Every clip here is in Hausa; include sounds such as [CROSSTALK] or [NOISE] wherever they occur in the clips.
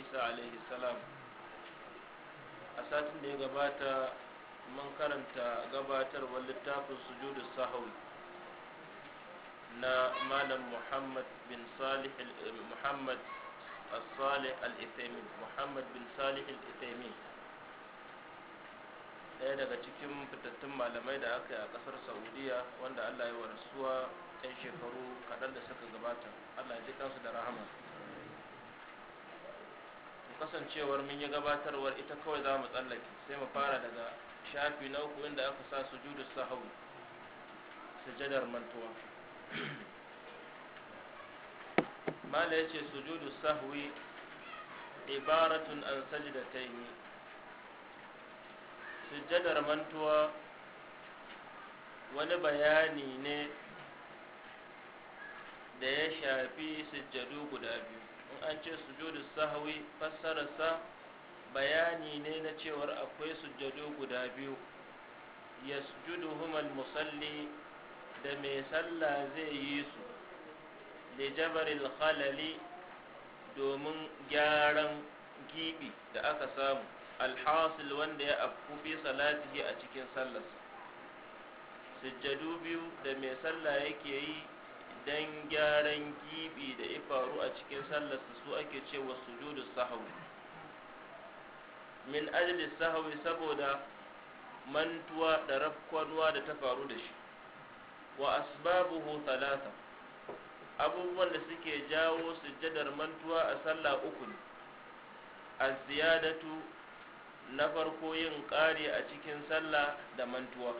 isa alaihi salam a satin da ya gabata mun karanta gabatarwar littafin sujudu sahawi na malam muhammad bin salih eh, muhammad الصالح muhammad bin salih al ɗaya daga cikin fitattun malamai da aka yi a ƙasar saudiya wanda allah ya warasuwa 'yan shekaru kaɗan da suka gabata allah ya ji kansu da rahama kasancewar mun yi gabatarwar ita kawai za mu tsallake sai mu fara daga shafi na uku inda aka sa su sujudu su sujadar mantuwa [CLEARS THROAT] mala ya ce sujudu sahwi ibaratun an da ta su sujadar mantuwa wani bayani ne da ya shafi sujjadu guda biyu in an ce sujudu sahwi fassararsa bayani ne na cewar akwai sujjado guda biyu yasjudu al-musalli da mai sallah zai yi su li jabaril khalali domin gyaran gibi da aka samu alhasil wanda ya afku fi salatihi a cikin sallarsa sujjadu biyu da mai sallah yake yi dan gyaran gibi da ya faru a cikin sallarsa su ake cewa sujudu sahwi min ajli sahwi saboda mantuwa da rafkwanuwa da ta faru da shi wa asbabuhu talata abubuwan da suke jawo sujjadar mantuwa a sallah uku ne ziyadatu na farko yin ƙari a cikin sallah da mantuwa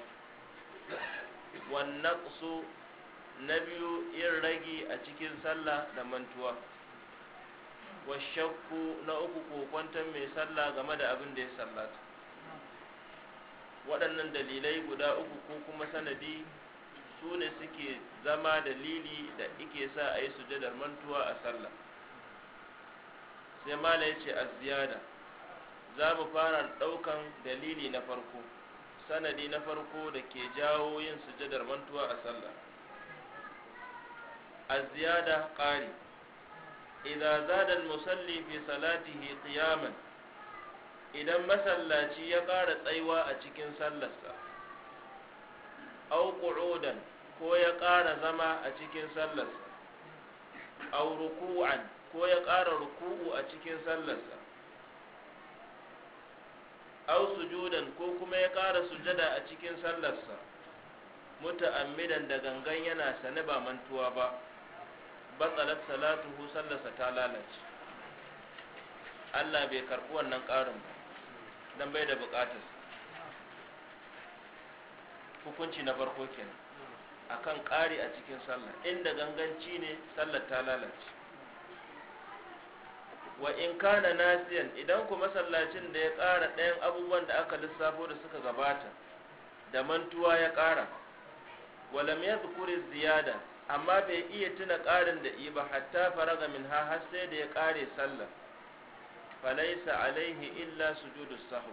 Wannan naqsu na biyu yin ragi a cikin sallah da mantuwa washakku na uku ko kokwanton mai sallah game da abin da ya sallata waɗannan dalilai guda uku ko kuma sanadi su ne suke zama dalili da ike sa a yi sujadar mantuwa a sallah sai mala ya ce a ziyada za mu fara ɗaukan dalili na farko sanadi na farko da ke jawo yin sujadar mantuwa a sallah الزيادة قاري إذا زاد salati في صلاته قياما masallaci مسلا شي يقار تسيوا أتشكين سلسا أو قعودا ko ya ƙara zama a cikin sallarsa aw ruku'an ko ya ƙara ruku'u a cikin sallarsa aw sujudan ko kuma ya ƙara sujada a cikin sallarsa muta'ammidan da gangan yana sane ba mantuwa ba batsalat salatuhu sallarsa ta lalace Allah bai karɓi wannan ƙarin ba dan bai da buƙatar hukunci na farko kenan akan ƙari a cikin sallah inda ganganci ne sallar ta lalace wa in kana nasiyan idan kuma masallacin da ya ƙara ɗayan abubuwan da aka lissafo da suka gabata da mantuwa ya ƙara Wa lam zikuri ziyada amma bai iya tuna ƙarin da yi ba hatta faraga min ha har sai da ya ƙare sallah falaisa alaihi illa sujudu sahu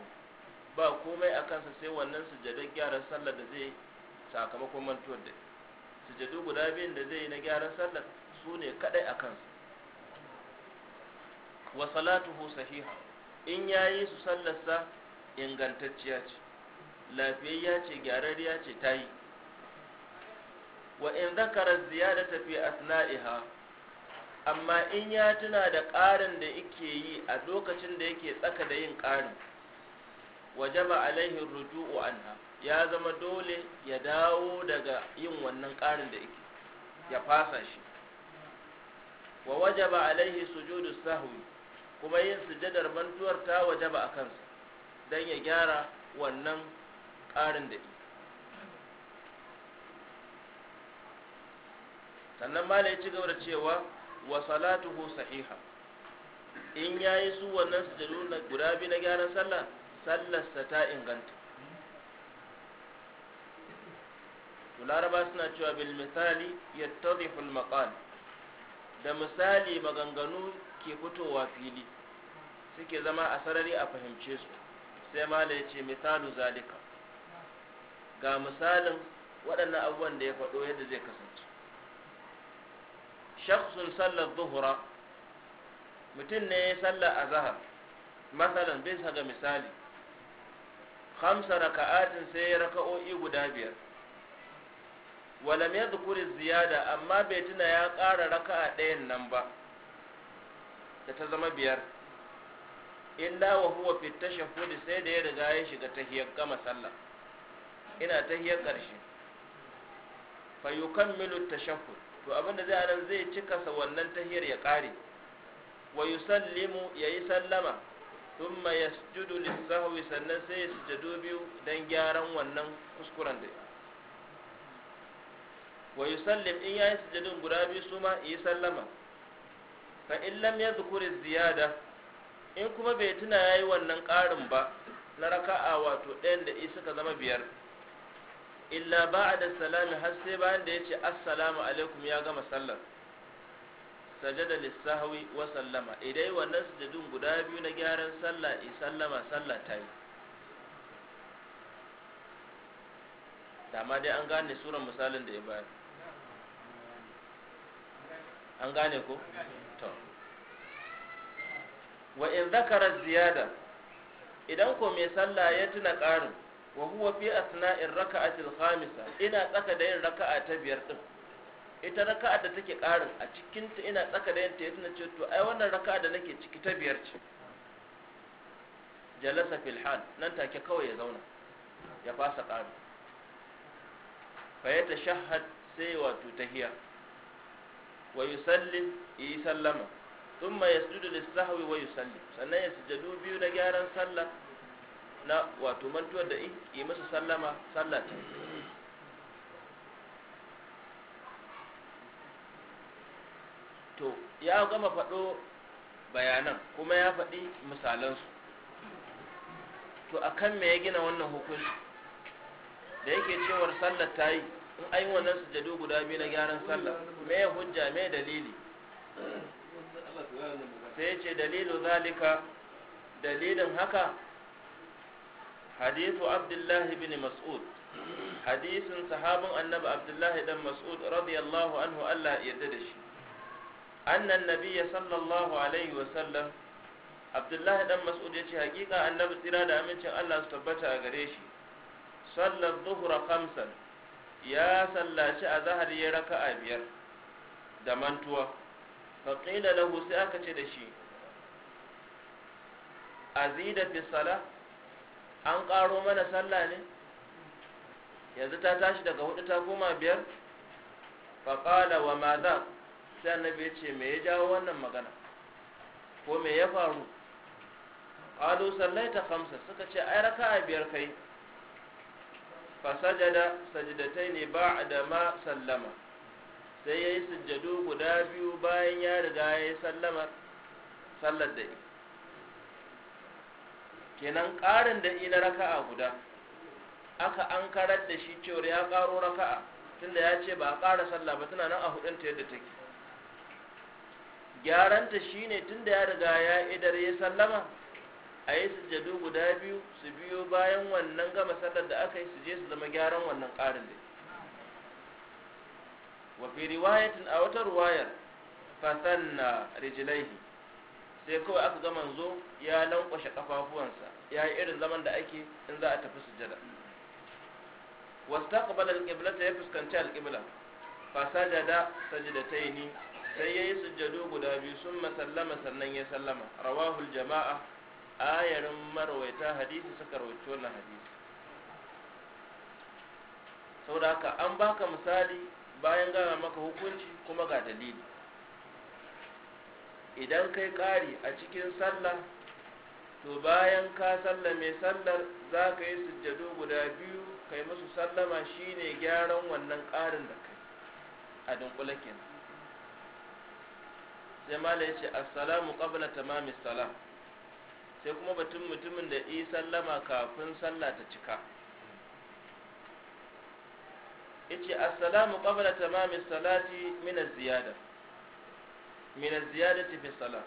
ba komai a kansa sai wannan sujadar gyaran sallah da zai sakamakon mantuwar da sujadu guda biyun da zai yi na gyaran sallah su ne kadai a kansa wa salatuhu sahiha in yayi su sallarsa ingantacciya ce lafiyayya ce gyararriya ce ta yi wa in zakara ziyadata fi asna'iha amma in ya tuna da ƙarin da yake yi a lokacin da yake tsaka da yin ƙarin wajaba alaihi ruju'u anha ya zama dole ya dawo daga yin wannan ƙarin da yake ya fasa shi wa wajaba alaihi sujudu sahwi kuma yin sujadar mantuwar ta wajaba a kansa don ya gyara wannan ƙarin da yake sannan mala ya ci gaba da cewa wa salatuhu sahiha in yayi su wannan sujudu na guda biyu na gyaran sallah sa ta inganta to laraba suna cewa bil misali yattadhihu al maqal da misali maganganu ke fitowa fili suke zama a sarari a fahimce su sai mala ya ce misalu zalika ga misalin waɗannan abubuwan da ya faɗo yadda zai kasance shakhsun sallar zuhura mutum ne ya a zahar. masalan bisa ga misali khamsa raka'atin sai ya raka'o'i guda biyar walam ya zukuri ziyada amma bai tuna ya ƙara raka'a ɗayan nan ba da ta zama biyar illa wa huwa fi hudu sai da ya riga ya shiga tahiyar gama sallah ina tahiyyar ƙarshe fa yukammilu tashahhud to abinda zai anan zai cika sa wannan tahiyar ya kare wa yusallimu yayi sallama thumma yasjudu lis-sahwi sannan sai ya sujudu biyu dan gyaran wannan kuskuren da wa yusallim in yayi sujudun guda biyu su ma yi sallama fa in lam yadhkuri ziyada in kuma bai tuna yayi wannan karin ba na raka'a wato ɗayan da isa ka zama biyar illa ba'da salami har sai bayan da yace assalamu alaikum ya gama sallar sajada lisahwi wa sallama idai wannan sujudun guda biyu na gyaran sallah i sallama sallah ta yi dama dai an gane suran misalin da ya bayar an gane ko to wa in zakara ziyada idan ko mai sallah ya tuna ƙarin wa huwa fi asna'ir raka'atil khamisa ina tsaka da yin raka'a ta biyar din ita raka'a da take karin a cikin ta ina tsaka da yin ta yana ce to ai wannan raka'a da nake ciki ta biyar ce jalasa fil hal nan take kawai ya zauna ya fasa karin fa ya tashahhad sai wato tahiyya wa yusallim yi sallama thumma yasjudu lis-sahwi wa yusallim sannan ya sujudu biyu na gyaran sallah na wato mantuwar da yi masa sallama sallah ta to ya gama faɗo bayanan kuma ya faɗi misalansu to akan me ya gina wannan hukunci da yake cewar sallar ta yi in ayi wannan sujadu guda biyu na gyaran sallah me hujja me dalili sai ce dalilu zalika dalilin haka hadithu abdullahi bin mas'ud hadisin sahabin annabi abdullahi dan mas'ud radiyallahu anhu Allah ya da shi annan nabiyya sallallahu alaihi wa sallam abdullahi dan mas'ud ya ce hakika annabi tsira da amincin Allah su tabbata a gare shi sallar zuhura khamsan ya sallaci a zahar ya raka'a biyar da mantuwa faƙila lahu sai aka ce da shi an ƙaro mana sallah ne yanzu ta tashi daga hudu ta goma biyar faƙala wa maza sai annabi ya ce me ya jawo wannan magana ko me ya faru ƙalo sallai ta kamsa suka ce ai raka a biyar kai fasajada sajidatai ne ba da ma sallama sai ya yi sujjadu guda biyu bayan ya riga ya yi sallamar sallar da ita kenan ƙarin da ina raka'a guda aka an karar da shi cewar ya ƙaro raka'a tunda ya ce ba a ƙara sallah ba tana nan a hudun ta yadda take gyaranta shine tunda ya riga ya idar ya sallama a yi guda biyu su biyo bayan wannan gama sallar da aka yi su je su zama gyaran wannan ƙarin da wa fi riwayatin a wata ruwayar fasanna rijilaihi sai kawai aka ga manzo ya lankwashe kafafuwansa ya yi irin zaman da ake in za a tafi sujada wastaqbala al ta ya fuskanci al-qibla fa sajada ni sai yayi sujjadu guda biyu sun masallama sannan ya sallama rawahu al-jama'a ayarin marwaita hadisi suka rawaito wannan hadisi saboda haka an baka misali bayan gana maka hukunci kuma ga dalili idan kai ƙari a cikin sallah to bayan ka sallame sallar za ka yi sujjado guda biyu kai musu sallama shine gyaran wannan ƙarin da kai a dunkulakin sai mala ya ce assalamu qabla tamami salam sai kuma batun mutumin da yi sallama kafin sallah ta cika ce assalamu qabla tamami salati min ziyadar min az-ziyadati fi salat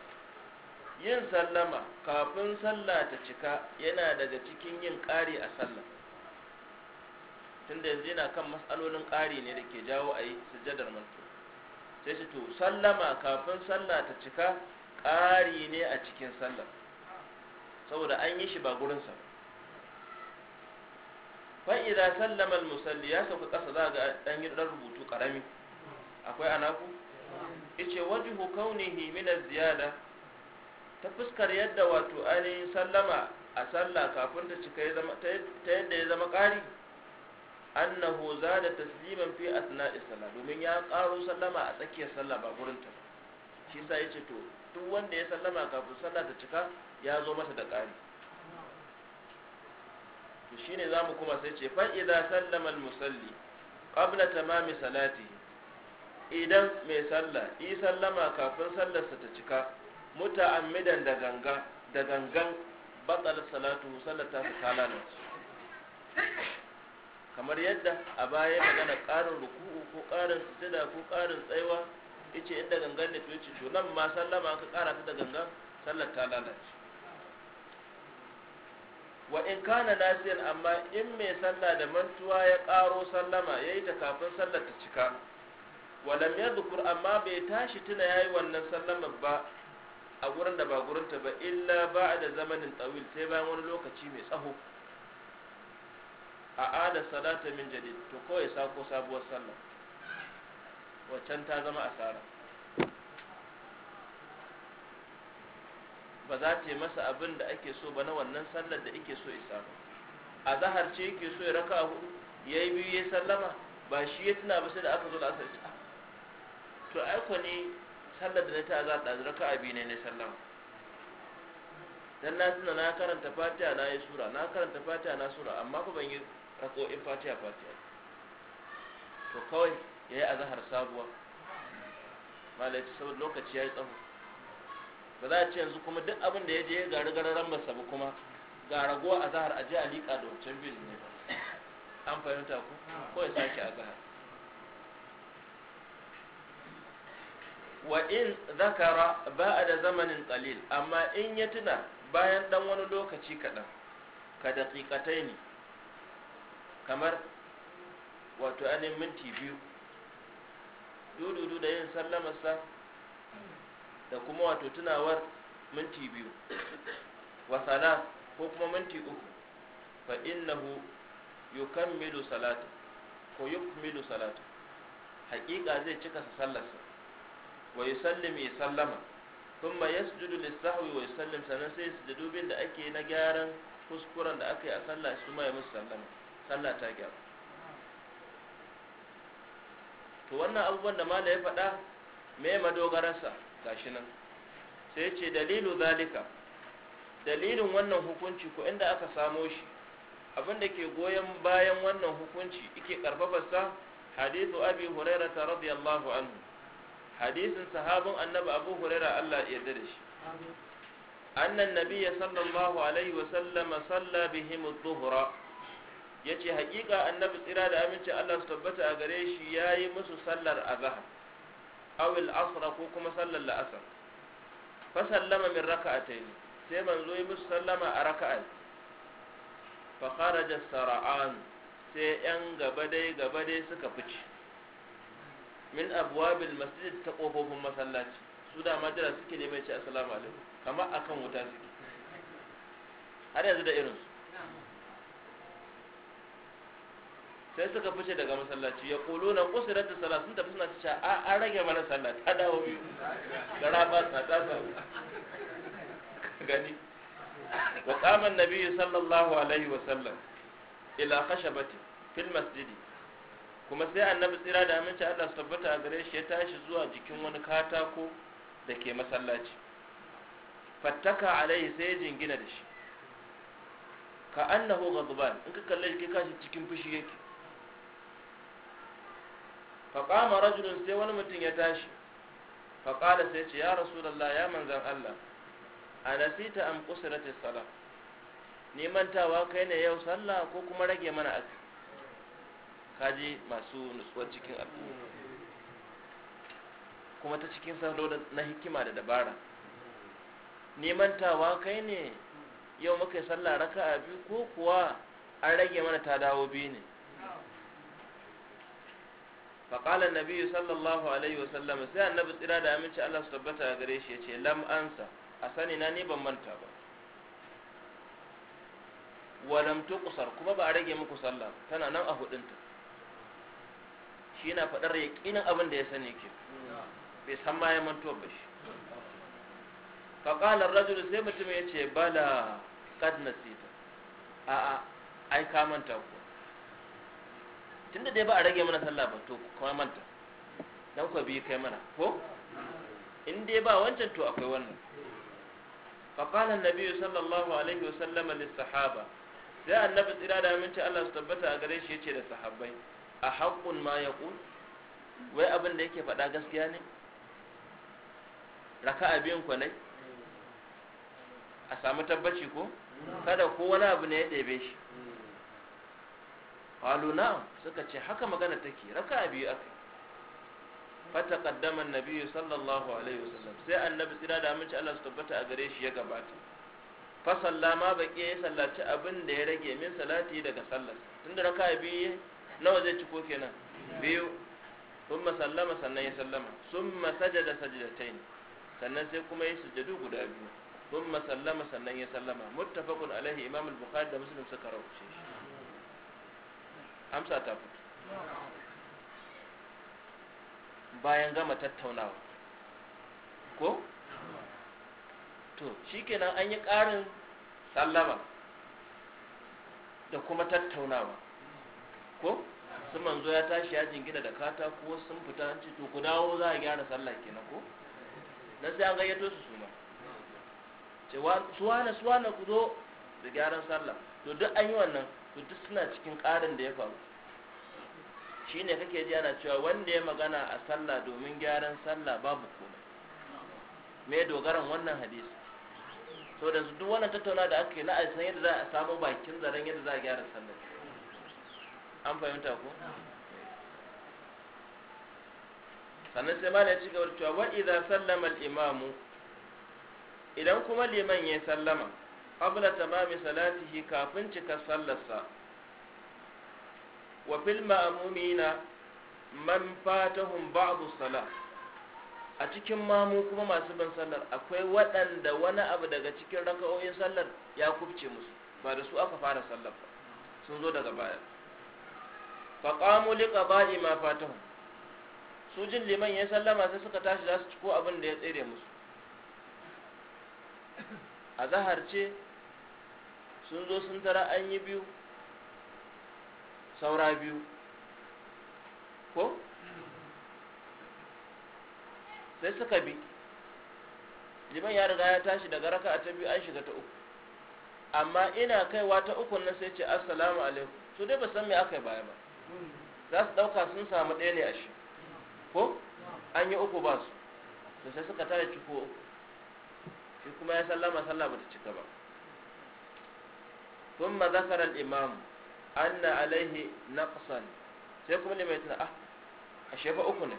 yin sallama kafin sallah ta cika yana daga cikin yin ƙari a sallah tunda yanzu yana kan matsalolin ƙari ne da ke jawo a yi sujjadar mantu sai shi to sallama kafin sallah ta cika ƙari ne a cikin sallah saboda an yi shi ba gurinsa fa idza sallama musalli ya sauka ƙasa za ga dan yi rubutu karami akwai anaku yace wajhu kaunihi min az-ziyada ta fuskar yadda wato ainihin sallama a sallah kafin ta cika ya zama ta yadda ya zama ƙari annahu zada tasliman fi asna'is sallah domin ya ƙaro sallama a tsakiyar sallah ba gurin ta shi yasa yace to duk wanda ya sallama kafin sallah ta cika ya zo masa da ƙari to shine zamu kuma sai ce fa idza sallama al-musalli qabla tamami salatihi idan mai sallah yi sallama kafin sallarsa ta cika muta'ammidan da ganga da gangan batsal salatu sallar ta su kalala kamar yadda a baya magana karin ruku'u ko ƙarin sujada ko ƙarin tsaiwa yace inda gangan ne to yace to nan ma sallama ka ƙara ta da gangan sallar ta lalace wa in kana nasiyan amma in mai sallah da mantuwa ya ƙaro sallama yayi ta kafin sallar ta cika walam yadhkur amma bai tashi tuna yayi wannan sallama ba a gurin da ba gurinta ba illa ba'da zamanin tawil sai bayan wani lokaci mai tsaho a ada salata min jadid to kawai sako sabuwar sallah waccan ta zama asara ba za ta yi masa abin da ake so ba na wannan sallar da ake so isa ba a zaharce yake so ya raka hudu ya yi biyu ya sallama ba shi ya tuna ba sai da aka zo da asar to aiko ne sallar da na ta za ta zuraka ka'abi ne ne sallama dan na tuna na karanta fatiha na yi sura na karanta fatiha na sura amma ku ban yi in fatiha fatiha to kawai ya yi azahar sabuwa malai ta saboda lokaci ya yi tsaho ba za a ce yanzu kuma duk abin da ya je gari gararan masa ba kuma ga ragowa azahar a je a liƙa da wancan biyu ne ba. an fahimta ku ko ya sake azahar wa in zakara ba da zamanin qalil amma in ya tuna bayan dan wani lokaci kaɗan ka daƙiƙatai ne kamar wato anin minti biyu dududu da yin sallamarsa da kuma wato tunawar minti biyu wasana ko kuma minti uku fa innahu yukammilu salatu ko yukmilu salatu haƙiƙa zai cika sa sallarsa wa yusallim ya sallama thumma yasjudu lis-sahwi wa yusallim sannan sai da ake na gyaran kuskuren da aka yi a sallah su ma ya musu sallama sallah ta gyara to wannan abubuwan da mala ya faɗa me sa gashi nan sai ce dalilu zalika dalilin wannan hukunci ko inda aka samo shi abinda ke goyon bayan wannan hukunci yake sa hadithu abi hurairata radiyallahu anhu hadisin sahabin annabi abu huraira Allah yadda da shi annan nabiyya sallallahu alaihi wa sallama salla bihim zuhura. Ya yace hakika annabi tsira da aminci Allah su tabbata a gare shi yayi musu sallar azhar awil al ko kuma sallar la'asar. fa sallama min raka'atayn sai zo yi musu sallama a raka'a fa kharaja sara'an sai yan gaba dai gaba dai suka fice min abwabil masjid ta kofofin masallaci su da majira suke ne mai ce assalamu alaikum kamar akan wuta suke har yanzu da irinsu sai suka fice daga masallaci ya kulo na kusurar da sallah sun tafi suna cewa a an rage mana sallah ta dawo biyu gara ba ta ta gani wa qaman nabiyyu sallallahu alaihi wa sallam ila khashabati fil masjidi kuma sai annabi tsira da aminci Allah su tabbata a gare shi ya tashi zuwa jikin wani katako da ke masallaci fattaka alaihi sai ya jingina da shi ka annahu ghadban in ka kalle shi kashi cikin fushi yake fa qama rajulun sai wani mutum ya tashi fa qala sai ce ya Allah, ya manzan Allah anasita am qusratis salah neman tawa kai ne yau sallah ko kuma rage mana azumi kaji masu nutsuwar cikin al'umma kuma ta cikin salo na hikima da dabara neman tawa kai ne yau muka yi sallah raka a biyu ko kuwa an rage mana ta dawo biyu ne faƙala nabi sallallahu alaihi wasallam sai annabi tsira da aminci allah su tabbata a gare shi ya ce lam a sani na ne ban manta ba walam ƙusar kuma ba a rage muku sallah tana nan a hudunta shi yana faɗar ƙinin abin da ya sani ke bai san ma ya manto ba shi faƙalar rajul sai mutum ya ce bala kad nasita a a ai ka manta ku tunda dai ba a rage mana sallah ba to kuma manta dan ku bi kai mana ko in dai ba wancan to akwai wannan faƙalar nabi sallallahu alaihi wasallama lissahaba sai annabi tsira da aminci Allah su tabbata a gare shi ya ce da sahabbai a haƙƙun ma ya ƙun wai abin da yake faɗa gaskiya ne raka abin kwanai a samu tabbaci ko kada ko wani abu ne ya ɗebe shi qalu suka ce haka magana take raka a biyu aka fata na biyu, sallallahu alaihi wasallam sai annabi tsira da amince Allah su tabbata a gare shi ya gabata Fasalla ma baƙi ya sallaci abin da ya rage min salati daga sallar tunda raka biyu nawa zai ciko kenan biyu sun masallama sannan ya sallama sun masaja da sajidatai sannan sai kuma ya sujadu guda biyu sun masallama sannan ya sallama muttafaqun alaihi imam al-bukhari da muslim suka rawuce shi amsa ta fito bayan gama tattaunawa ko to shikenan an yi ƙarin sallama da kuma tattaunawa ko su manzo ya tashi ya jingina da kata ko sun fita an ce to ku dawo za a gyara sallah kenan ko Na sai an gayyato su suma cewa suwana suwana ku zo da gyaran sallah to duk an yi wannan to duk suna cikin ƙarin da ya faru Shi ne kake ji ana cewa wanda ya magana a sallah domin gyaran sallah babu komai me dogaran wannan hadisi to da duk wannan tattauna da ake na a san yadda za a samu bakin zaren yadda za a gyara sallah an fahimta ko sannan sai ma ya ci gaba da cewa wa idza sallama al-imamu idan kuma liman ya sallama qabla tamami salatihi kafin cika sallarsa wa fil ma'mumina man fatahum ba'du salah a cikin mamu kuma masu ban sallar akwai waɗanda wani abu daga cikin raka'o'in sallar ya kufce musu ba da su aka fara sallar ba sun zo daga baya faƙamu liƙa li qada'i ma fatahu su jin liman ya sallama sai suka tashi za su ci ko abin da ya tsere musu a zaharce ce sun zo sun tara an yi biyu saura biyu ko sai suka bi liman ya riga ya tashi daga raka a ta biyu an shiga ta uku amma ina kaiwa ta uku nan sai ce assalamu alaikum su dai ba san me aka yi baya ba za su ɗauka sun samu ɗaya ne a shi ko an yi uku ba su to sai suka tare ciko shi kuma ya sallama sallah ta cika ba sun ma zakarar imamu an na alaihi na kusan sai kuma ne mai tuna ah a shefa uku ne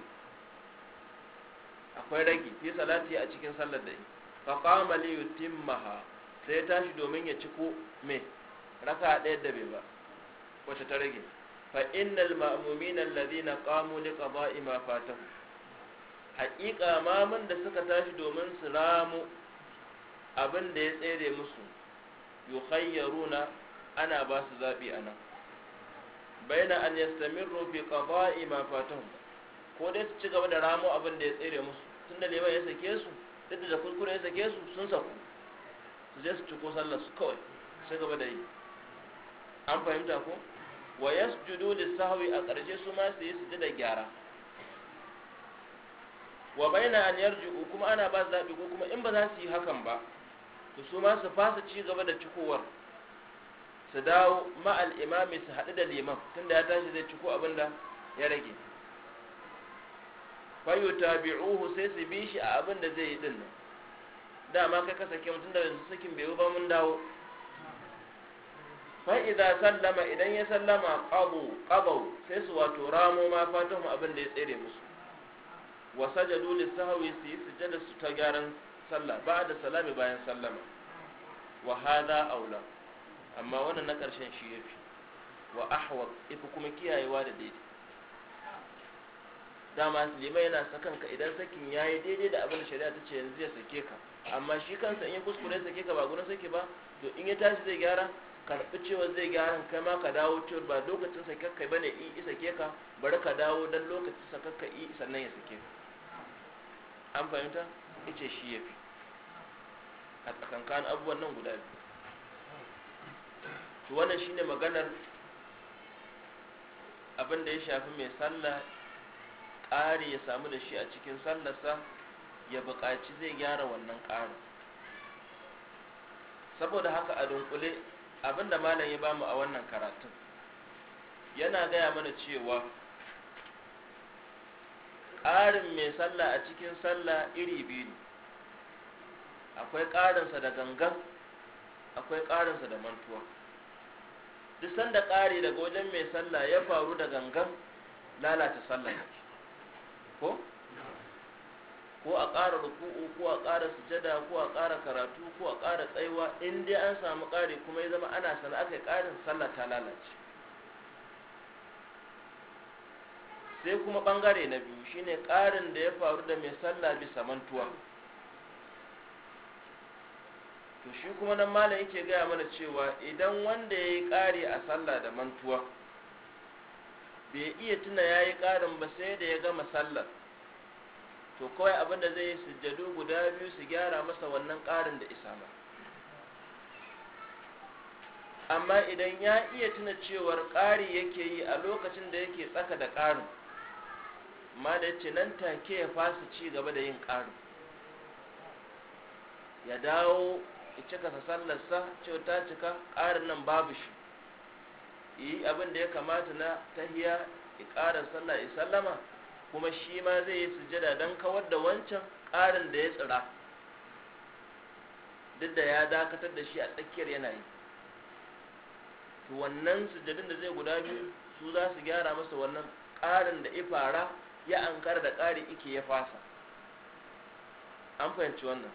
akwai ragi fi salati a cikin sallar da yi fa qama timmaha. sai ya tashi domin ya ciko me raka ɗaya da bai ba wacce ta rage fa innal ma'mumina alladhina qamu liqada'i ma fatahu haƙiƙa mamun da suka tashi domin su ramu abin da ya tsere musu yukhayyaruna ana ba su zaɓi a nan baina an yastamirru fi qada'i ma fatahu ko dai su ci gaba da ramu abin da ya tsere musu tunda leman ya sake su duk da kurkure ya sake su sun saku su je su ci ko sallar su kawai su gaba da yi an fahimta ko wa yasjudu lisahwi a ƙarshe su ma su yi su da gyara wa baina an yarju kuma ana ba zabi ko kuma in ba za su yi hakan ba to su ma su fasa ci gaba da cikowar su dawo ma al imami su haɗu da liman tunda ya tashi zai ciko abin da ya rage fayu tabi'uhu sai su bi shi a abin da zai yi din nan dama kai ka sake mutum da yanzu sakin bai ba mun dawo fa idza sallama idan ya sallama qadu sai su wato ramo ma fatahu abin da ya tsere musu wa sajadu lisahwi su yi sujada su ta gyaran sallah ba da salami bayan sallama wa hada aula amma wannan na karshen shi yafi wa ahwa ifi kuma kiyayewa da daidai dama limai yana sakan ka idan sakin yayi daidai da abin shari'a ta ce yanzu ya sake ka amma shi kansa in ya kuskure sake ka ba gudun sake ba to in ya tashi zai gyara karɓi cewa zai gyara kai ma ka dawo cewar ba lokacin sa kakkai bane i isa ke ka bari ka dawo dan lokacin sa kakka i sannan ya sake ka an fahimta ice shi ya fi a tsakankan abubuwan nan guda biyu to wannan shine maganar abin da ya shafi mai sallah ƙari ya samu da shi a cikin sallarsa ya buƙaci zai gyara wannan ƙarin saboda haka a dunkule Abin da malam ya bamu a wannan karatun yana gaya mana cewa ƙarin mai sallah a cikin sallah iri biyu ne akwai ƙarinsa da gangan akwai ƙarinsa da mantuwa duk sanda ƙari daga wajen mai sallah ya faru da gangan lalata sallah ko ko a ƙara ruku'u ko a ƙara sujada ko a ƙara karatu ko a ƙara tsaiwa in dai an samu ƙari kuma ya zama ana sana kai ƙarin sallah ta lalace sai kuma ɓangare na biyu shine ƙarin da ya faru da mai sallah bisa mantuwa to shi kuma nan malam yake gaya mana cewa idan wanda ya yi ƙari a sallah da mantuwa bai iya tuna ya yi ƙarin ba sai da ya gama sallah. to kawai abin da zai yi sujjadu guda biyu su gyara masa wannan ƙarin da isa ba amma idan ya iya tuna cewar ƙari yake yi a lokacin da yake tsaka da ƙarin ma da ce nan take ya fasa ci gaba da yin ƙarin ya dawo ya cika sallarsa cewa ta cika ƙarin nan babu shi yi abin da ya kamata na tahiya ya ƙarin sallar ya kuma shi ma zai yi sujada don kawar da wancan ƙarin da ya tsira duk da ya dakatar da shi a tsakiyar yanayi to wannan sujadin da zai guda biyu su za su gyara masa wannan ƙarin da ya fara ya ankar da ƙari ike ya fasa an fahimci wannan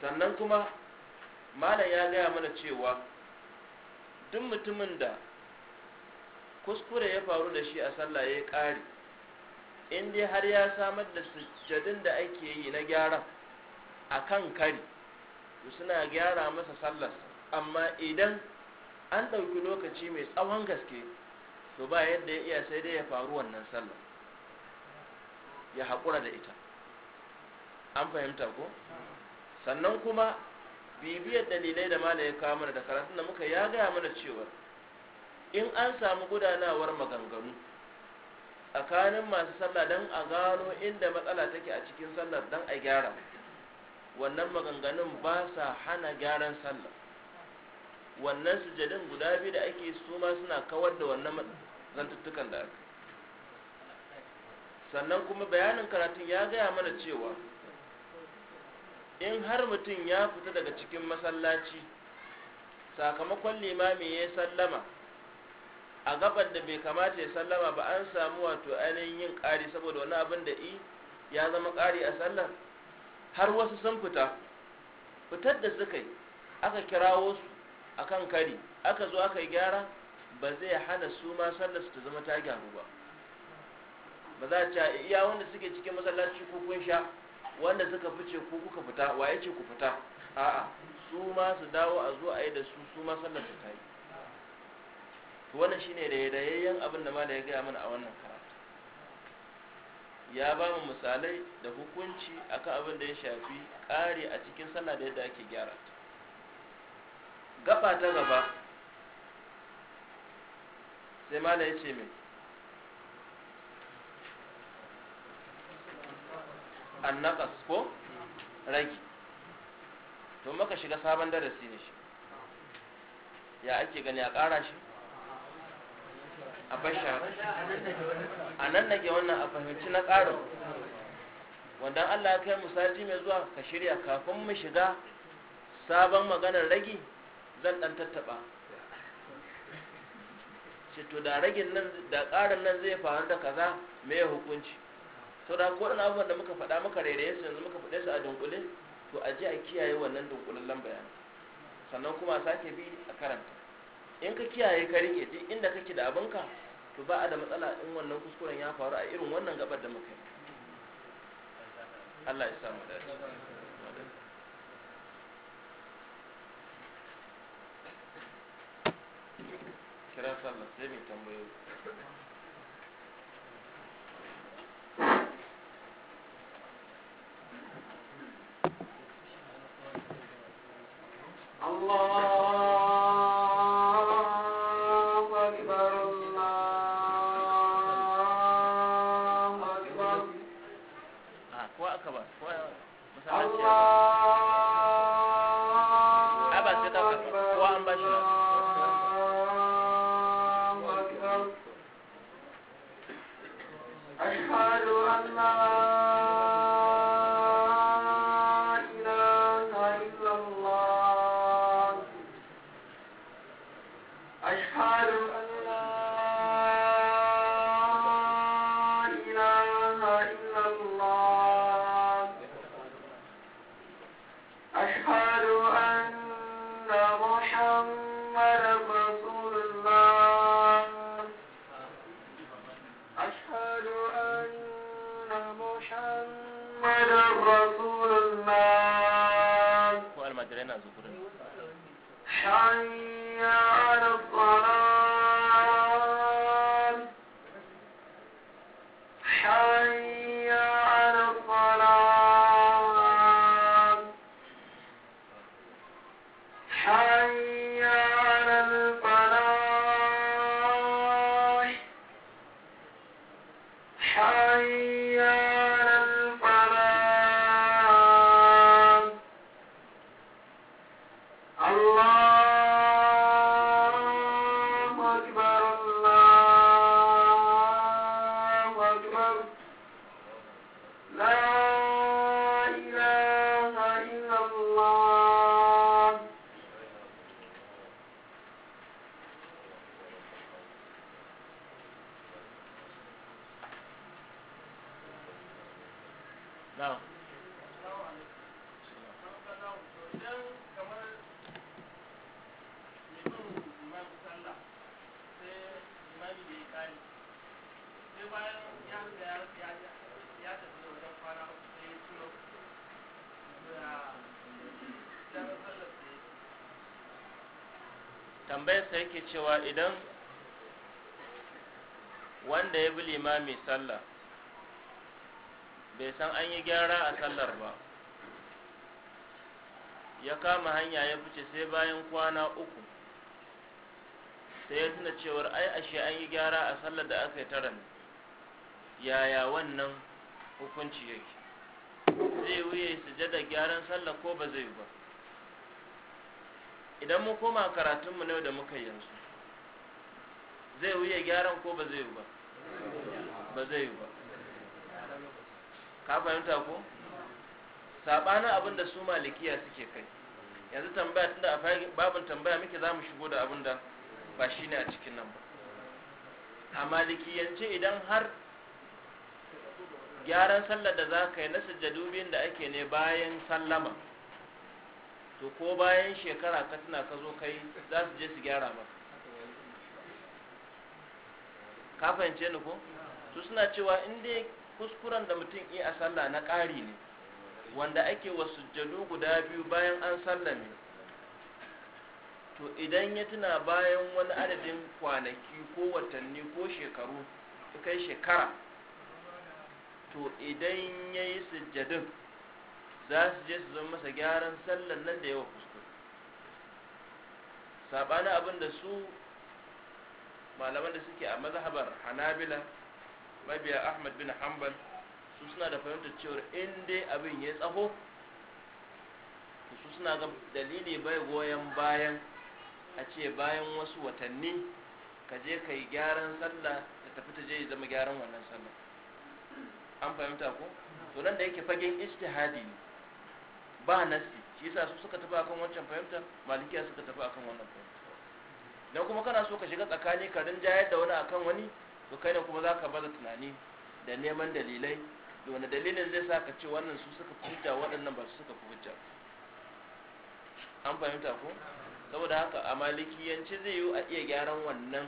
sannan kuma malam ya gaya mana cewa duk mutumin da kuskure ya faru da shi a sallah ya ƙari in dai har ya samar da sujjadin da ake yi na gyara a kan kari suna gyara masa sallar amma idan an ɗauki lokaci mai tsawon gaske to ba yadda ya iya sai dai ya faru wannan sallar ya haƙura da ita an fahimta ko sannan kuma bibiyar dalilai da Malam ya kawo mana da karatun da muka ya gaya mana cewar in an samu gudanawar maganganu tsakanin masu sallah don a gano inda matsala take a cikin sallar don a gyara wannan maganganun ba sa hana gyaran sallah wannan sujadin guda biyu da ake su ma suna kawar da wannan zantuttukan da aka sannan kuma bayanin karatun ya gaya mana cewa in har mutum ya fita daga cikin masallaci sakamakon limami ya sallama a gaban da bai kamata ya sallama ba an samu wato ainihin yin ƙari saboda wani abin da i ya zama ƙari a sallar har wasu sun fita fitar da suka yi aka kirawo su akan kari aka zo aka yi gyara ba zai hana su ma sallar su ta zama ta gyaru ba ba za a ce iya wanda suke cikin masallaci ko kun sha wanda suka fice ko kuka fita waye ce ku fita a'a su ma su dawo a zo a yi da su su ma sallar su ta yi to wannan shine yayyen abin da malai ya gaya mana a wannan karatu ya ba mu misalai da hukunci akan abin da ya shafi kare a cikin sallah da yadda ake gyara ta gaba ta gaba sai malai ya ce mai annakas ko Raki. to maka shiga sabon darasi ne shi ya ake gani a ƙara shi a basha a nan nake wannan a fahimci na ƙarin wanda Allah ya kai musati mai zuwa ka shirya kafin mu shiga sabon maganar ragi zan dan tattaba ce to da ragin nan da ƙarin nan zai faru da kaza me ya hukunci to da ko abubuwan da muka faɗa muka rairaye su yanzu muka faɗe su a dunkule to a ji a kiyaye wannan dunkulallen bayanin sannan kuma sake bi a karanta in ka kiyaye ka rike duk inda kake da abinka to ba a da matsala in wannan kuskuren ya faru a irin wannan gabar da muka yi Allah ya samu da kira sallah sai mai tambayo Allah Adam sallah sai yake cewa idan wanda ya bi limami sallah bai san an yi gyara a sallar ba ya kama hanya ya fice sai bayan kwana uku sai ya tuna cewar ai ashe an yi gyara a sallar da aka yi tara ne yaya wannan hukunci yake zai wuye sujada gyaran sallar ko ba zai ba idan mu koma karatunmu na da muka yanzu zai wuye gyaran ko ba zai ba ba zai ba ka fahimta ko sabanin abin da su malikiya suke kai yanzu tambaya tunda a babin tambaya muke za mu shigo da abin da ba shi ne a cikin nan ba a malikiyance idan har gyaran sallar da za ka yi na sajjadubin da ake ne bayan sallama to ko bayan shekara ka tuna ka zo kai za su je su gyara ba ka ni ko su suna cewa in dai kuskuren da mutum iya a sallah na ƙari ne wanda ake wasu jadu guda biyu bayan an sallame to idan ya tuna bayan wani adadin kwanaki ko watanni ko shekaru kai shekara to idan ya yi sujjadin za su je su zama masa gyaran sallan nan da yawa kuskure saɓanin abin da su malaman da suke a mazhabar hanabila mabiya ahmad bin hanbal su suna da fahimtar cewar inda abin ya tsaho su suna ga dalili bai goyon bayan a ce bayan wasu watanni ka je ka yi gyaran sallah da tafi ta je zama gyaran wannan sallah an fahimta ko to nan da yake fagen istihadi ne ba nasi shi yasa su suka tafi akan wancan fahimta malikiya suka tafi akan wannan fahimta dan kuma kana so ka shiga tsakani ka jayar da wani akan wani to kai ne kuma zaka baza tunani da neman dalilai da wani dalilin zai sa ka ce wannan su suka fi waɗannan ba su suka fi an fahimta ko saboda haka a malikiyanci zai yiwu a iya gyaran wannan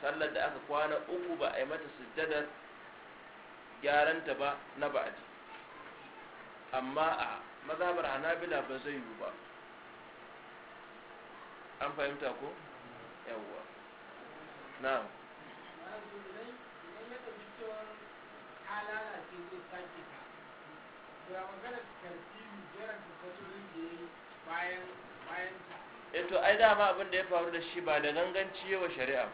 sallar da aka kwana uku ba a yi mata sujjadar gyaranta ba na ba'adi amma a mazhabar hanabila ba zai yiwu ba an fahimta ko yawwa na'am ya magana tartibi jiran da eto eh ai dama abin da ya faru da shi ba da ganganci yawa shari'a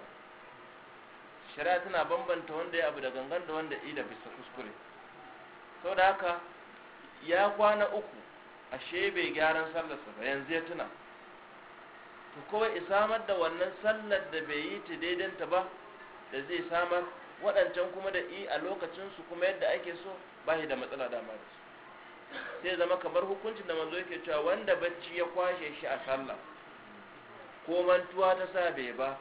shari'a tana bambanta wanda ya abu da gangan da wanda ila bisa kuskure sau da haka ya kwana uku ashe bai gyaran sallarsa ba yanzu ya tuna ta kawai isamar da wannan sallar da bai yi ta daidanta ba da zai samar waɗancan kuma da i a lokacinsu kuma yadda ake so ba da matsala dama su sai zama kamar hukuncin da manzo yake cewa wanda bacci ya kwashe shi a sallah ko mantuwa ta sa bai ba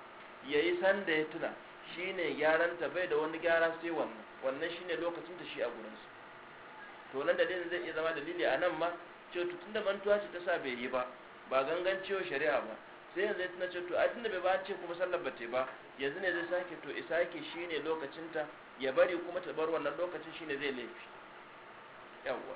yayi sanda ya tuna shine gyaran ta bai da wani gyara sai wannan wannan shine lokacin da shi a gurin su to nan da din zai iya zama dalili a nan ma ce to tunda mantuwa ce ta sa bai yi ba ba gangan ciwo shari'a ba sai yanzu ya tuna ce to a tunda bai ba ce kuma sallar ba ba yanzu ne zai sake to isake shine lokacin ta ya bari kuma ta bar wannan lokacin shine zai laifi yawwa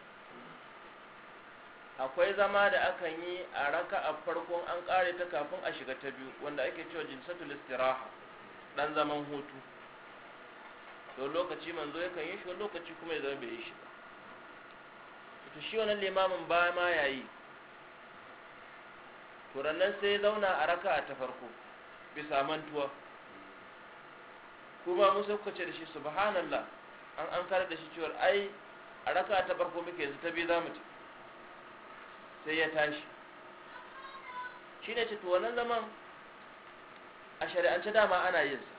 akwai zama da akan yi a raka a farkon an kare ta kafin a shiga ta biyu wanda ake cewa jinsatul istiraha dan zaman hutu to lokaci manzo yakan yi shi wani lokaci kuma ya zama bai yi shi ba to shi wannan limamin ba ma yayi to sai ya zauna a raka a ta farko bisa mantuwa kuma musa kuka ce da shi subhanallah an an kare da shi cewa ai a raka ta farko muke yanzu ta biyu za mu ci sai ya tashi shi ne cikin wannan zaman a shari'ance dama ana yin sa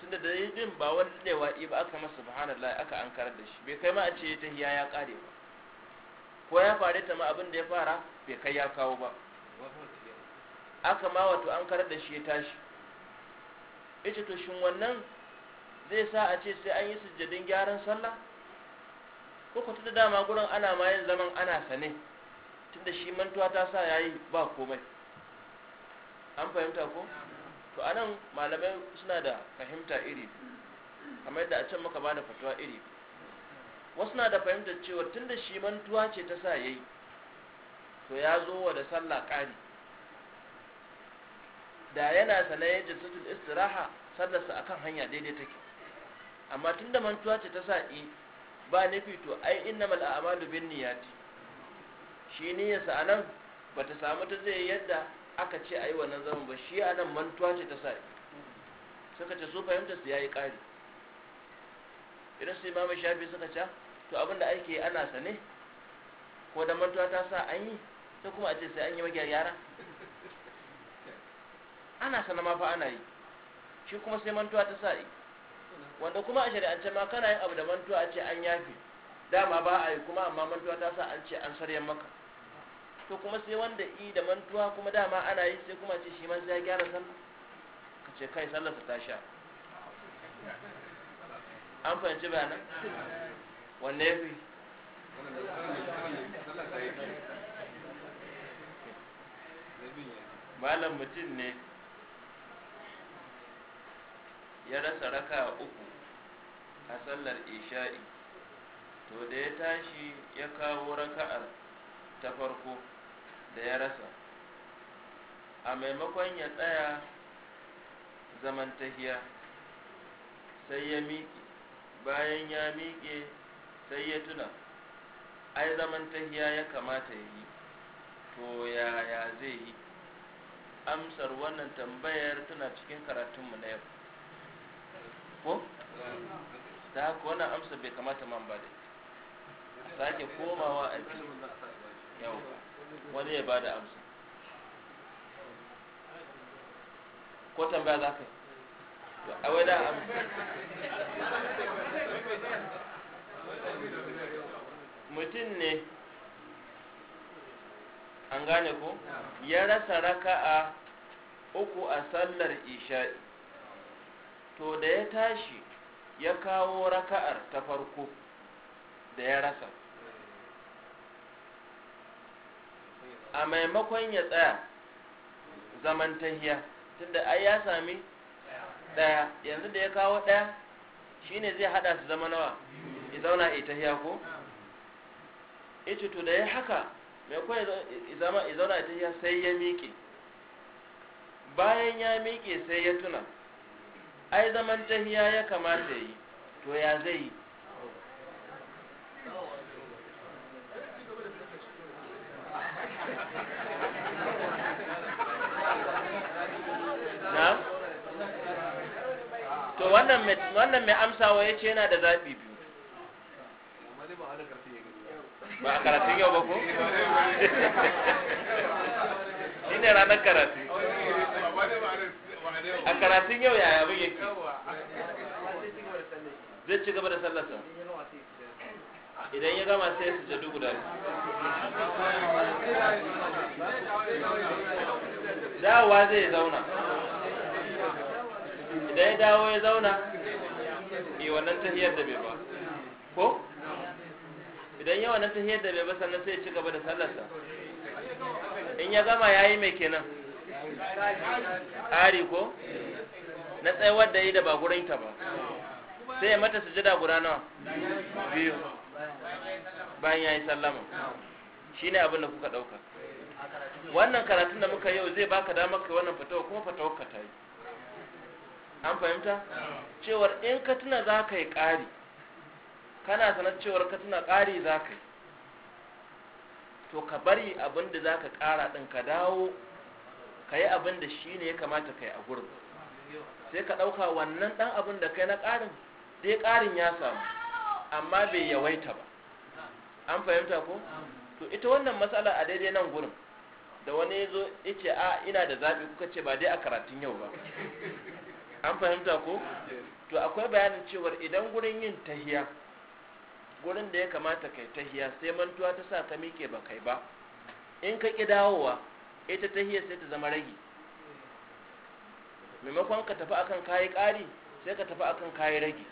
tunda da yin ba wani lewa ba aka masa subhanallah aka karar da shi bai kai ma a ce ta hiya ya kare ba ko ya fare ta ma abin da ya fara bai kai ya kawo ba aka ma wato karar da shi ya tashi ita to shin wannan zai sa a ce sai an yi sujjadin gyaran sallah ko ku da dama gurin ana ma yin zaman ana sane tunda shi mantuwa ta sa yayi ba komai an fahimta ko to anan malamai suna da fahimta iri kamar yadda a can muka bada fatuwa iri wasu na da fahimtar cewa tunda shi mantuwa ce ta sa yayi to ya zo wa da sallah ƙari da yana sane ya jisatul istiraha sallarsa akan hanya daidai take amma tunda mantuwa ce ta sa i ba nufi to ai innamal a'malu bin niyyati shi niyyarsa sa nan ba ta samu ta zai yadda aka ce a yi wannan zaman ba shi a nan mantuwa ce ta sa'i suka ce su fahimta su ya yi ƙari idan su imamu shafi suka ce to abin da ake ana sane ko da mantuwa ta sa an yi sai kuma a ce sai an yi magiyar yara ana sana ma fa ana yi shi kuma sai mantuwa ta sa'i wanda kuma a shari'ance ma kana yin abu da mantuwa a ce an yafi dama ba a yi kuma amma mantuwa ta sa an ce an sarya maka to kuma sai wanda i da mantuwa kuma dama ana yi sai kuma ce shi ma sai ya gyara sallah ka ce kai sallar ta tasha. an fahimci ba nan wanne yafi malam mutum ne ya rasa raka uku a sallar isha'i to da ya tashi ya kawo raka'ar ta farko da ya rasa a maimakon ya tsaya zamantahiya sai ya miƙe bayan ya miƙe sai ya tuna ai zamantahiya ya kamata ya yi to yaya zai yi amsar wannan tambayar tana cikin karatunmu na yau ko? da haka wannan amsar bai kamata man ba da sake komawa a yau wani ya bada amsa ko tambaya za ka yi a wai da amsa mutum ne an gane ko ya rasa raka'a uku a sallar isha'i to da ya tashi ya kawo raka'ar ta farko da ya rasa a maimakon ya tsaya zaman tahiya tunda ai ya sami daya yanzu da ya kawo daya shine zai hada su zama nawa ya zauna a tahiya ko yace to da ya haka mai kuma zama ya zauna a tahiya sai ya miƙe bayan ya miƙe sai ya tuna ai zaman tahiya ya kamata yi to ya zai yi wannan mai amsawa ya ce yana da zaɓi biyu ba a karatu yau ba ko? [LAUGHS] shi ne ranar karatu a karatu yau yaya abin yake zai ci gaba da sallasa idan ya gama sai su jadu guda dawowa zai zauna da ya dawo ya zauna bi eh, wannan tahiyar da bai ba ko idan yawan wannan tahiyar da bai ba sannan sai ya ci gaba da sallarsa in ya gama yayi mai kenan ƙari ko na tsayawar da yi da ba gurin ba sai ya mata sujada guda nawa biyu bayan yayi sallama shine abin da kuka dauka wannan karatun da muka yau zai baka damar kai wannan fatawa kuma fatawar ka ta yi an fahimta cewar in ka tuna za ka yi ƙari kana sanar cewar ka tuna ƙari za ka yi to ka bari abin da za ka ƙara ɗin ka dawo ka yi abin da shi ne ya kamata ka yi a gurin sai ka ɗauka wannan ɗan abin da kai na ƙarin dai ƙarin ya samu amma bai yawaita ba an fahimta ko to ita wannan matsala a daidai nan gurin da wani ya zo ya ce a ina da zaɓi kuka ce ba dai a karatun yau ba an fahimta ko to akwai bayanin cewar idan gurin yin tahiya gurin da ya kamata kai tahiya sai mantuwa ta sa ka miƙe ba kai ba in ka ƙi dawowa ita tahiya sai ta zama ragi maimakon ka tafi akan kayi ƙari sai ka tafi akan kayi ragi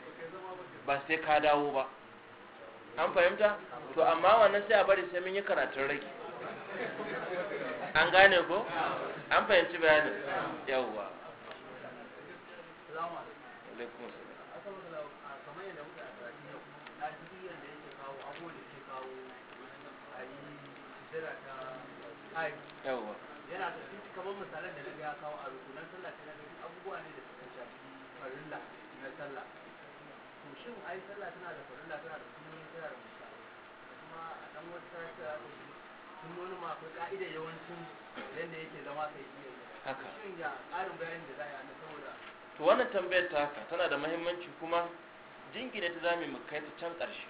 ba sai ka dawo ba an fahimta to amma wannan sai a bari sai mun yi karatun ragi an gane ko an fahimci bayanin yawwa alaikum salam ah, kawo ke kawo a yi sujjada ta yana da kamar misalan da kawo a rukunan sallah ta naga abubuwa ne da na sallah shin ai sallah da da tana da kuma a dan wata ta sunnoni yawancin yadda yake zama kai iya haka shin ya ƙarin bayani da za a yi saboda to wannan tambayar ta haka tana da mahimmanci kuma jingina ta zami mu kai ta can ƙarshe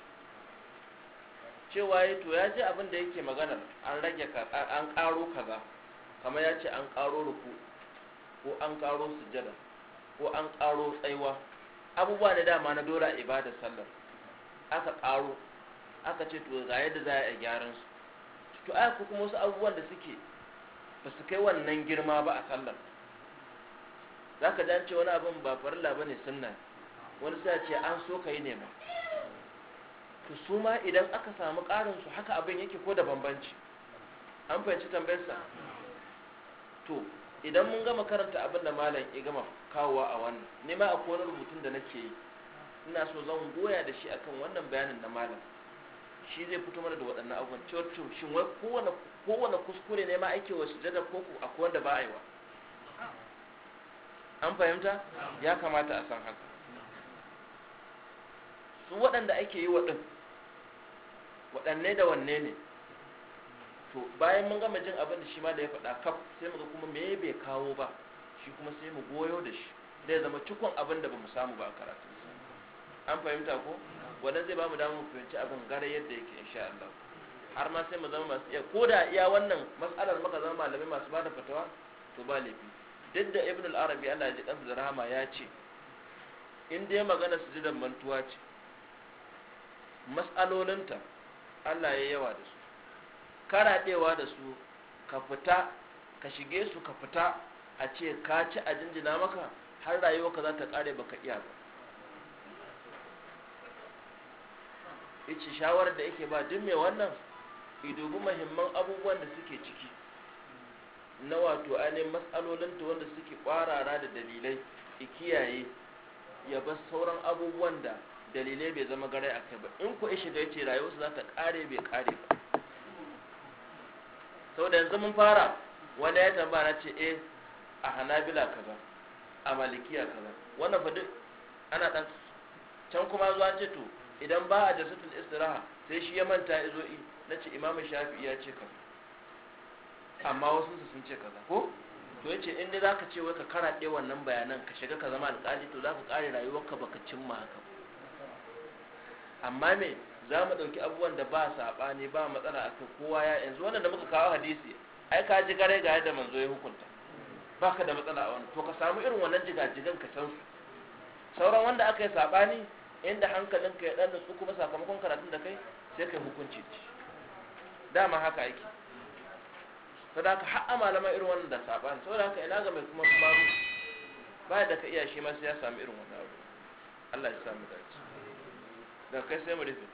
cewa ya eh to ya ji abin da yake maganar an rage an ƙaro kaza kamar ya ce an ƙaro ruku ko an ƙaro sujjada ko an ƙaro tsaiwa abubuwa da dama na dole ibada sallar aka ƙaro aka ce to ga yadda za a gyaran su to aya kuma wasu abubuwan da suke ba su kai wannan girma ba a sallar za ka ji ce wani abin ba farilla ba ne sunna wani sai ce an so ka yi nema to su ma idan aka samu ƙarin su haka abin yake ko da bambanci an fahimci tambayarsa to idan mun gama karanta abin da malam ya gama kawowa a wannan ne ma akwai wani rubutun da nake yi ina so zan goya da shi akan wannan bayanin da malam shi zai fito mana da waɗannan abubuwan cewa shin wai kowane kuskure ne ma ake wa sujada ko akwai wanda ba a yi wa an fahimta ya kamata a san haka su waɗanda ake yi waɗin waɗanne da wanne ne to bayan mun gama jin abin da shi ma da ya faɗa kaf sai mu ga kuma me bai kawo ba shi kuma sai mu goyo da shi zai zama cikon abin da mu samu ba a karatu an fahimta ko wannan zai ba mu damar fahimci abin gare yadda yake insha Allah har ma sai mu zama masu iya ko da iya wannan mas'alar maka zama malamai masu bada fatawa to ba laifi duk da ibn al-arabi Allah ya ji kansa rahama ya ce inda ya magana su sujudan mantuwa ce mas'alolinta Allah ya yawa da su karaɗewa da su ka fita ka shige su ka fita a ce ka ci a jinjina maka har rayuwa ka za ta kare baka iya ba ice shawarar da yake ba duk mai wannan idogu muhimman abubuwan da suke ciki na wato ainihin matsalolinta wanda suke kwarara da dalilai ki kiyaye ya bar sauran abubuwan da dalilai bai zama garai a kai ba in ku ishe da yace rayuwarsa za ta kare bai kare ba saboda yanzu mun fara wani ya tambaya na ce eh a hanabila kaza a malikiya kaza wannan fa duk ana dan can kuma zuwa ce to idan ba a jasatul istiraha sai shi ya manta ya zo na ce imamu shafi'i ya ce kaza amma wasu sun ce kaza ko to yace in dai zaka ce wai ka karaɗe wannan bayanan ka shiga ka zama alƙali to zaka kare rayuwarka baka cimma haka amma me za mu ɗauki abubuwan da ba saɓani ba matsala a kan kowa ya yanzu wannan da muka kawo hadisi ai ka ji gare ga yadda manzo ya hukunta baka da matsala a wannan to ka samu irin wannan jigajigan ka san su sauran wanda aka yi saɓani inda hankalinka ya ɗan nutsu kuma sakamakon karatun da kai sai kai hukunci dama haka yake saboda haka har malama irin wannan da sabani saboda haka ina ga mai kuma kuma ba da ka iya shi ma sai ya samu irin wannan abu Allah ya samu dace da kai sai mu rufe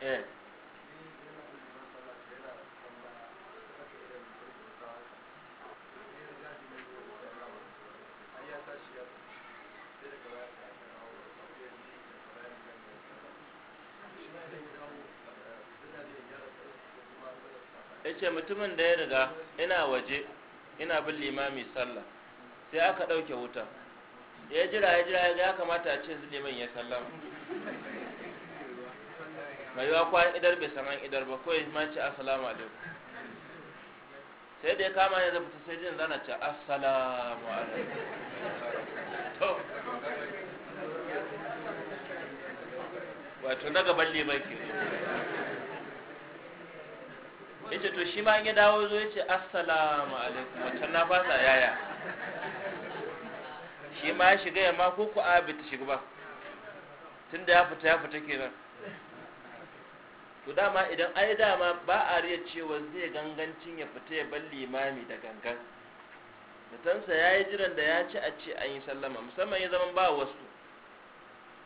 eh ya ce mutumin da ya riga ina waje ina bin limami sallah sai aka ɗauke wuta ya jira ya jira ya kamata a ce liman ya sallama mai yiwa kwayan idar bai saman idar ba kawai ma ce assalamu alaikum sai da ya kama ya zafi sai jin zana ce assalamu alaikum wato na gaban liman ke yace to shi ma in ya dawo zo yace assalamu alaikum wancan na fasa yaya shi ma ya shiga yamma ko ku abi ta shiga ba tunda ya fita ya fita kenan to dama idan ai dama ba a riya cewa zai gangancin ya fita ya bar limami da gangan mutansa ya yi jiran da ya ci a ce an yi sallama musamman ya zama ba wasu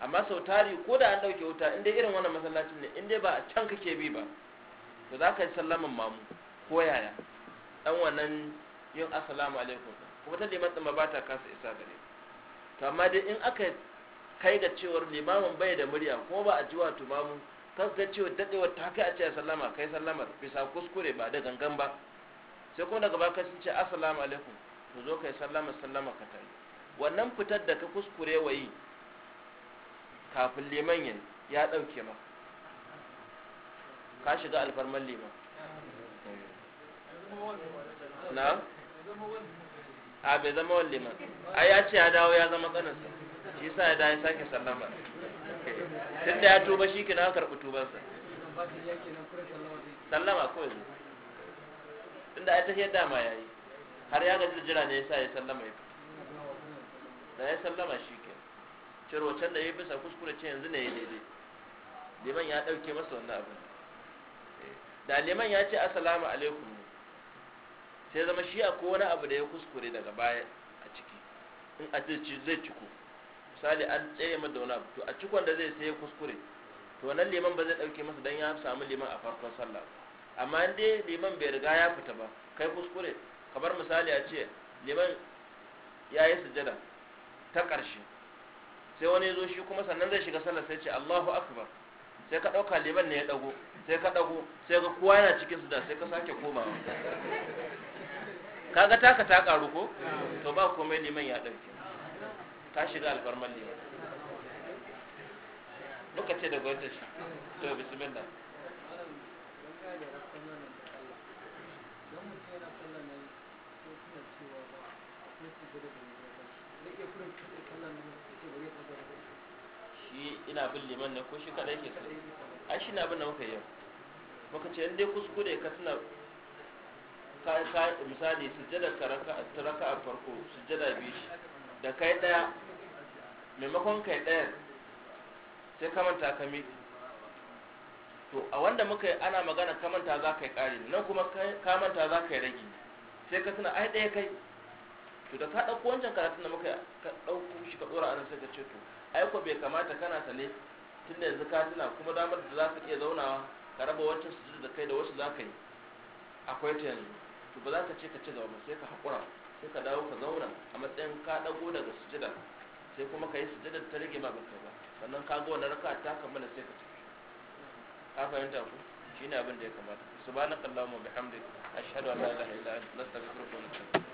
amma sau tari ko da an ɗauke wuta in dai irin wannan masallacin ne in dai ba a can kake bi ba to za ka yi sallaman mamu ko yaya dan wannan yin assalamu alaikum kuma ta liman ɗin ba ta kasa isa gare to amma dai in aka kai ga cewar limamin bai da murya kuma ba a ji wato mamu kan ga cewa dadewar ta kai a ce sallama kai sallamar bisa kuskure ba da gangan ba sai kuma daga baka sun ce assalamu alaikum to zo kai sallama sallama ka tare wannan fitar da ka kuskure wayi kafin liman ya ya dauke maka ka shiga alfarman liman na a bai zama wani liman a ya ce ya dawo ya zama kaninsa shi sa ya dawo ya sake sallama tun da ya tuba shi na karɓi tubansa sallama ko yanzu tun da ya ta hiyar dama ya yi har ya gaji da jira ne ya sa ya sallama ya da ya sallama shi ke ciro can da ya bisa kuskure ce yanzu ne ya daidai liman ya ɗauke masa wannan abin da ya ce assalamu alaikum sai zama shi a wani abu da ya kuskure daga baya a ciki in a ce zai ciko misali an tsaye mai da wani abu to a cikon da zai sai ya kuskure to wannan liman ba zai dauke masa don ya samu liman a farkon sallah amma inda liman bai riga ya fita ba kai kuskure kamar misali a ce liman ya yi sujada ta ƙarshe sai wani ya zo shi kuma sannan zai shiga sallah sai ce allahu akbar sai ka ɗauka liman ne ya dago sai ka ɗago sai ga kowa yana cikin su da sai ka sake komawa kaga taka ta karu ko to ba komai liman ya dauke ta shiga alfarman liman muka ce da gwamnati shi to bismillah shi ina bin liman ne ko shi kadai ke su ai shi na bin na muka yi yau muka ce dai kuskure ka tuna misali sujjada ka raka a farko sujjada biyu shi da kai daya maimakon kai daya sai ka manta ka mi to a wanda muka yi ana magana ka manta za ka yi ƙari nan kuma ka manta za ka yi rage sai ka tuna ai daya kai to da ka ɗauko wancan karatun da muka ka ɗauko shi ka ɗora anan sai ka ce to ai ko bai kamata kana sane tun da yanzu ka tuna kuma damar da za ka iya zaunawa ka raba wancan su da kai da wasu za ka yi akwai ta yanzu to ba za ka ce ka ci gaba sai ka haƙura sai ka dawo ka zauna a matsayin ka ɗago daga sujada sai kuma ka yi sujudar ta rage ma baka ba sannan ka ga wannan raka ta kammala sai ka ci ka fahimta ku shine abin da ya kamata subhanakallahumma bihamdika ashhadu an la ilaha illa anta astaghfiruka wa atubu